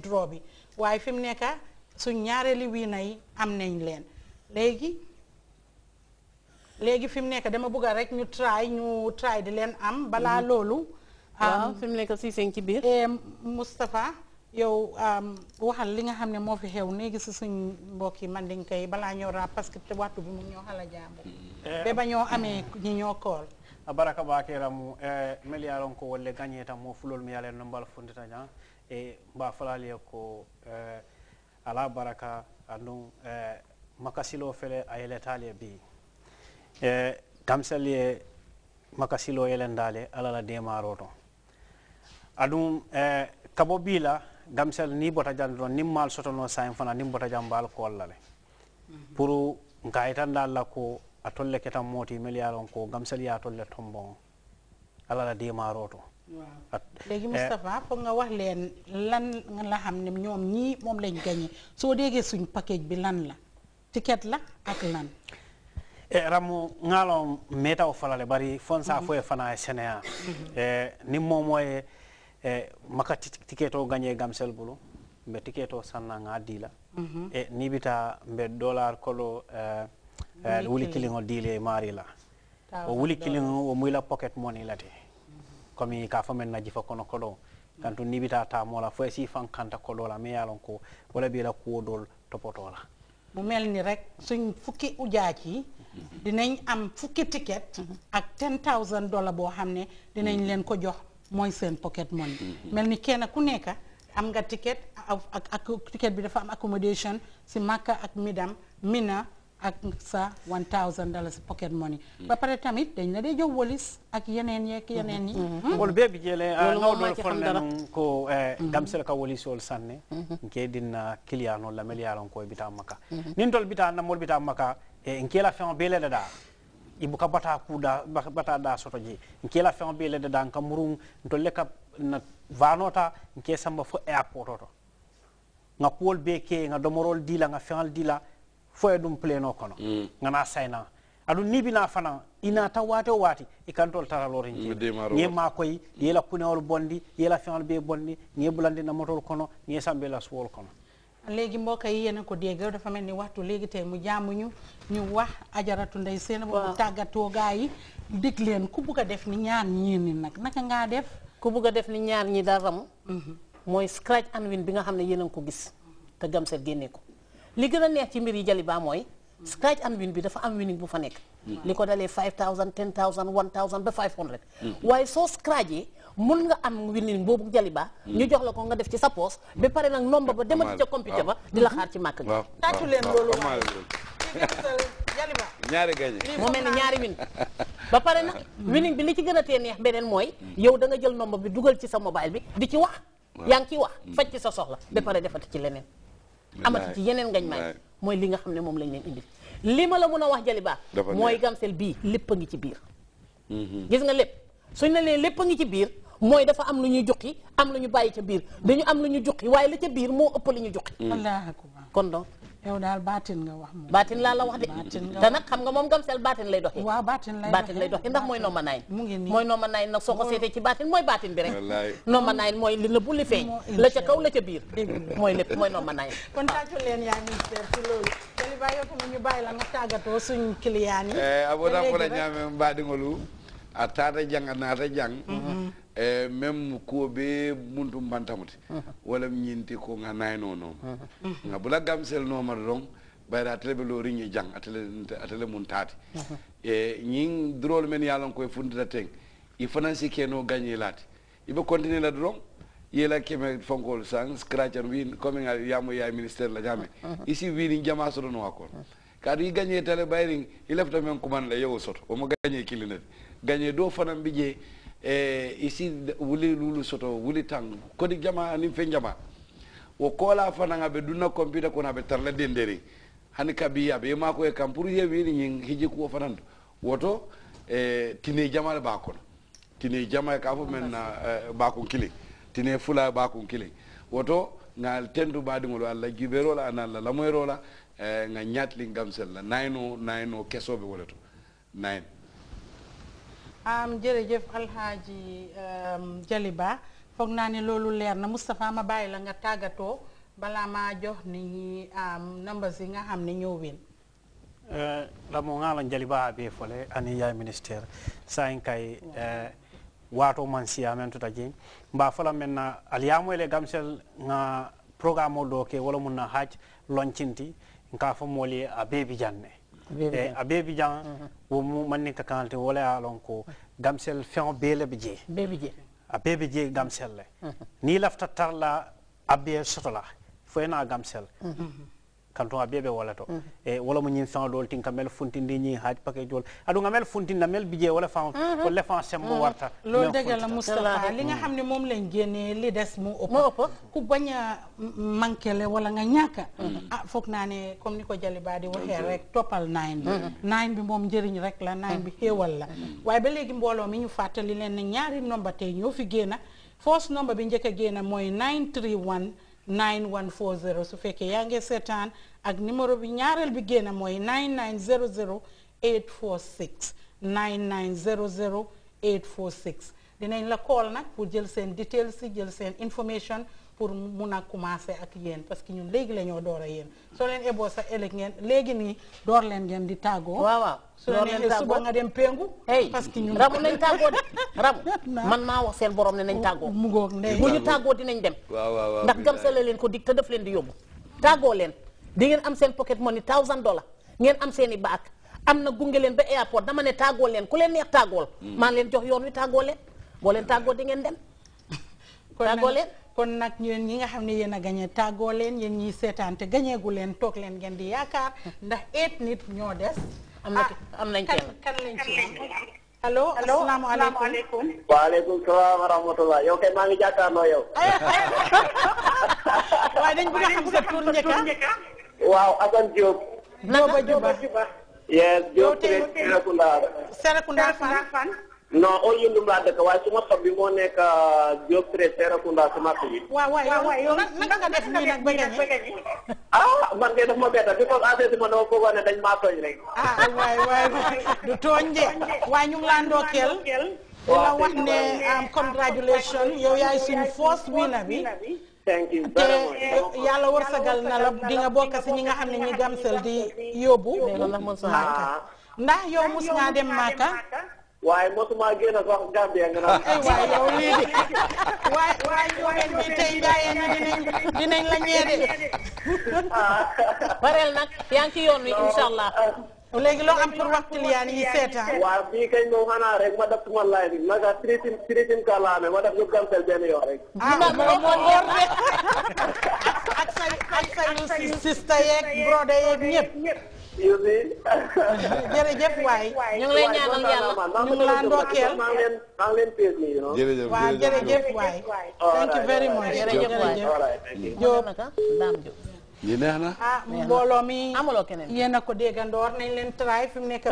draw bi waaye fi mu nekk suñ ñaareelu wiina yi am nañ leen léegi léegi fi mu nekk dama bëgg rek ñu try ñu try di leen am balaa mhm. loolu waaw nekk si seen ci biir eh, Moustapha yow waxal li nga xam ne moo fi xew léegi si suñ mbokk yi man diñ koy balaa ñoo raab parce que waxtu bi mu ñoo xala jaamu eh. be ba ñoo amee ñi ñoo kool baraka baakeramu eh, mel yaalon ko wolle gañeeta moo fulol mi yaalen no mbal fundita ñaa e mba falaliya e ko e, ala baraka anndun e, makasilo fele a yeletaali e bi e tamsel ye makasilo yelendaale alala demaro ton aɗum e kabo biila gamsel ni bota jande ton nin mal sotono sain fana nin bota jam mbaal ko alla le mhm. pour gayitandalla ko a tolle ketan mooti meliyalon ko gamsel ya tolle tombon alala demaro ton léegi moustapha pour eh. nga wax leen lan nga la xam ne ñoom ñii moom lañ gagné soo déegee suñ package bi lan la ticket la ak lan e ramu ngaaloom mee taw falale bari fon saa mhm. foye fana e sénéa mhm. eh, ni moo mooye maka ticket o gagné gamsel bulu mbe ticket o sanna ngaa dii la mhm. e nibita mbe dollar kolo wuli kilingo diile maari la o wuli kilingo o muy la pocket moni la te komi ka fo na najifa kono koɗo kantu nibita tamola fo e si fankanta koɗola mi yalon ko wala ɓiila kuwodol la mu mel ni rek suñ fukki ujaaj yi dinañ am fukki ticket ak 10000 dollar boo xam ne dinañ leen ko jox mooy seen pocket money mel ni kenn ku nekk am nga ticket ak ak ticket bi dafa am accommodation si Makka ak Midam Mina ak one thousand dollars pocket money ba pare tamit dañ la dee jox wolis ak yeneen yeek yeneen yi mm-hmm. hmm? wol beebi jeele naw dool fonne nun ko gamsel ka wolis wol sanne nke dinna kiliya noon lamel yaalon koye bita makka mm-hmm. nin tol bita namol bita makka e eh, nke la feŋo bee leda daa i buka bata kuda bata da soto je nke la feŋo bee leda daa nka murun ntolle ka na vanota nke samba fo airport oto nga kuwol bee ke nga domorol dila nga feŋol dila foye ɗum pleno kono mm. ngana sayna adu nibina fana inata ta o wati, e kantol taraloren jeeɗe ma koye yela kunewol bondi yela feŋol be bondi ñe bulandi namoro kono ñe sambe la suwol kono Legi mbokk yi yéen ko dégg dafa mel ni waxtu léegi tey mu jaamuñu ñu wax ajaratu ndey seen bu tàggatoo gaa yi dig ku bugg def ni ñaar ñii ni nag naka ngaa def ku bugg def ni ñaar ñi dara mu mhm. mooy scratch and win bi nga xam ne ko gis te ko li gëna neex ci mbir yi Jaliba moy scratch and win bi dafa am winning bu fa nek liko dalé 5000 10000 1000 ba 500. waye so scratché mën nga am winning jali ba ñu jox la ko nga def ci sa poste ba paré nak nombre ba demati ci computer ba di la xaar ci mak gi. waaw tàccu leen loolu waaw Jaliba. ñaari gañe mu mel ñaari win. ba pare nag winning bi li ci gën a tee neex beneen mooy yow da nga jël nomba bi dugal ci sa mobile bi di ci wax. yaa ngi ciy wax faj ci sa soxla ba pare defati ci leneen. amati ci yeneen ngañ maay mooy li nga xam ne moom lañ leen indi li ma la mun a wax jali baax mooy gamsel bii lépp a ngi ci biir mm-hmm. gis nga lépp suñ ne leen lépp a ngi ci biir mooy dafa am lu ñuy juqi am lu ñu bàyyi ca biir dañu am lu ñu juqi waaye la ca biir moo ëpp li ñu juqi kon donc yow daal baatin nga wax moom baatin laa la wax de te xam nga moom gamsel baatin lay doxee waaw baatin lay baatin lay doxee ndax mooy nooma naayin mu ngi nii mooy nooma naayin nag soo ko seetee ci baatin mooy baatin bi rek nooma mooy li nëbbu li feeñ la ca kaw la ca biir mooy lépp mooy nooma naayin kon tàccu leen yaa ministère ci loolu dali baa yow tamit ñu bàyyi la nga tàggatoo suñu client yi eh, aboda ko la ñaame mbaadi ngolu a taata jang a naata jang mm-hmm. Eh, même kuwo be muntu bantamuti wala ñinti ko nga nay no no nga bula gamsel no mar dong bayra atele be lori ñi jang atele atele mun taati eh, e ñing drôle men yalan koy fundita teng i financi keno gagné laati ibe continuer la dong yela keme fonkol sang scratch and win coming yamu ya ministère la jame ici wini jama so don wakon kadi i gagné tele i lefta men kuman la yewo soto o mo gagné kilinati gagné do fanam bi je e isi wuli lulu soto wuli tang kodi jama anin fe jama wo kola fananga be dunna computer kono be tarle denderi hani kabi be mako e kam pour ni ngi hiji ko fananto woto e tine jamale ba kono tine jama e ka fo men eh, ko kili tine fula e ko kili woto na tendu baɗigol allah juberola ana allah la nga ñatlin gam la nayno nayno kesoɓe wole to nayn am jërëjëf Alxaaji ehm, Jaliba foog naa ne loolu leer na Moustapha ma bàyyi la nga tàggatoo bala ma jox ni ñi am numbers yi nga xam ne ñoo win lamo eh, la jaliba be fole ani ya ministère sain kay eh, wato man si amen tuta jin ba fala men na aliyamo ele gamsel nga programme do ke wala mun na haj loncinti nka fa moli a bebi janne Eh, a bee bi mm-hmm. wo mu man ka kaŋ te wala ye ko mm-hmm. gamsel fion bee le bi a bee gamsel ni niŋ la a bee soto la fo gamsel mm-hmm. kanton a bebe wala to mm -hmm. e wala mo nyin san dol tin kamel funtindi nyi haaj pake jol adu ngamel na mel bije wala fa mhm. ko le fa sembo mhm. warta lol degal la mustafa li nga xamne mom lañ gene li des mu ëpp ku baña mankele wala nga ñaka mhm. ah fokk na ne comme ni ko jali baadi waxe rek topal nine bi nine bi mom njëriñ rek la nine bi xewal la waaye ba léegi mbooloo mi ñu fàttali leen ne ñaari nomba tay ñoo fi génna nomba bi njëkk a moy 931 9140 su fekkee yaa ngi seetaan ak numéro bi ñaareel bi génn mooy zero 9900846 9900846 dinañ la call nag pour jël seen details si jël seen information pour mun a commencé ak yéen parce que ñun léegi la ñoo door a yéen soo leen eboo sa ëllëg ngeen léegi nii door leen ngeen di tàggoo. waaw waaw su leen suba nga dem pengu. parce que ñun rabu nañ tàggoo de rabu man maa wax seen borom ne nañ tàggoo. mu ngoog ndey bu ñu tàggoo dinañ dem. waaw waaw waaw ndax gamsala leen ko dig te daf leen di yóbbu. tàggoo leen di ngeen am seen pocket money thousand dollar ngeen am seeni i baak am na gunge leen ba airport dama ne tàggoo leen ku leen neex tàggool. Hmm. maa leen jox yoon wi tàggoo leen boo leen tàggoo di ngeen dem tàggoo leen kon nag ñeen ñi nga xam ne yéen a gañe tàggoo leen yéen ñiy leen toog leen ngeen di yaakaar ndax eight nit ñoo des. am na ah, kan- kan ci kan lañ ci am allo asalaamaaleykum. waaleykum salaam wa rahmatulah kay maa ngi yow. dañ ah? waaw Diop. ba Diop yes Diop fan. non au yëndum laa dëkk waaye suma sob bi moo nekk Diop Traité Serekunda si marché bi. waaw waay waay yow ma bett bi comme affaire ma dama foogoon ne dañ maa tooñ rek. ah waay waay du tooñ de waaye ñu ngi laa ndokkeel. waaw la wax ne am um, congratulation yow yaay suñu first winner bi. te yàlla wërsagal na la di nga bokk si ñi nga xam ne ñi gamsel di yóbbu. Ah. ndax yow mus ngaa dem Màkka. waaye mosuma génn sax Gambia nga naan. Eh, aywa yow lii de waay waay waay bi tey gaayeen yi dinañ dinañ la ñeede. Ah. bareel nag yaa ngi ci yoon wi incha allah. léegi loo am pour waxtu liyaan yi seetaan. waaw bii kañ moom xanaa rek ma def suma laay bi ma gaa tritim tritim ka laame ma def ñu gamsel benn yoon rek. ah, ah moom moo góor de ak say ak say sista yeeg broda yeeg ñëpp. you see. jërëjëf waay ngi lay ñaanal yàlla ñu ngi laa ndokkeel. maa ngi leen maa ngi leen pees nii non. jërëjëf waaw jërëjëf waay. thank you very much lii neex na ah mbooloo mi amuloo keneen yéen a ko déggandoor nañ leen try fi mu nekk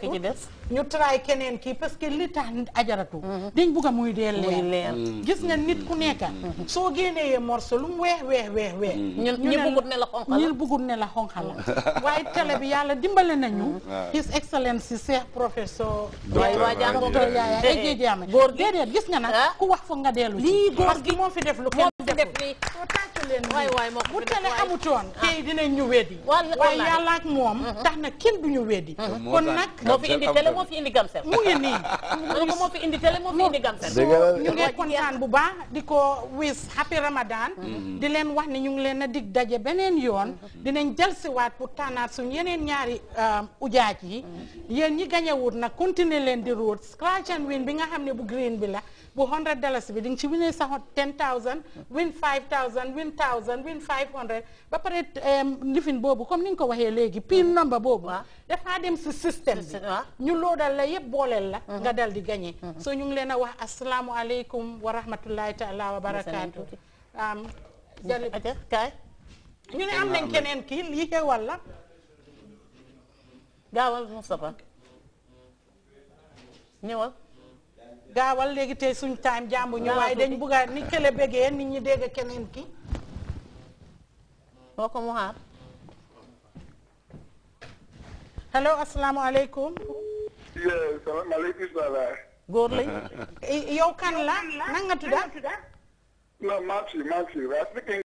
bi ñu des ñu try keneen kii parce que li tax ajaratu mm-hmm. dañ bugg a muy dee leer mm. gis nga nit ku nekka mm-hmm. soo génnee morso lu mu weex weex weex weex mm-hmm. ñi bugut ne la xonqal ñi ne la xonqal waaye télé bi yàlla dimbale nañu his excellence si Cheikh professeur waay waa jàngoo yaaya ejjee jaame góor déedéet gis nga nag ah. ku wax foog nga dellu lii góor fi def lu kenn def nii mu tàccu leen waay waay moo bu tele amutoon tey dinañ ñu weddi waaye yàlla moom mm-hmm. tax na kenn du ñu weddi mm-hmm. kon nag moo fi indi tele moo fi indi gamsel mu ngi nii moo fi indi tele moo fi ñu ngi kontaan bu baax di ko wis happy ramadan mm-hmm. di leen wax ni ñu ngi leen a dig daje beneen yoon dinañ jël si waat pour tànnaat suñ yeneen ñaari um, ujaaj yi yéen ñi gañewut na continuer leen di root scratch and win bi nga xam ne bu green bi la bu hundred dollars bi di ci winee sa ten thousand win 5000 win 1000 win 500 ba pare lifin boobu comme ni nga ko waxee léegi pin mm. number boobu dafaa dem si système bi ñu loodal la yëpp booleel la mm-hmm. nga dal di gagné mm-hmm. so ñu ngi leen a wax asalaamu aleykum wa rahmatullahi taala wa barakaatu kay ñu ne am nañ keneen kii li xewal la gaawal Moustapha ñëwal gaawal léegi tey suñ time jàmbu ñu waaye dañ bugga ni kële bëggee ni ñu dégg keneen ki moo ko mu xaar hello asalaamaaleykum salaamaaleykum góor lañ yow kan la nan nga tudda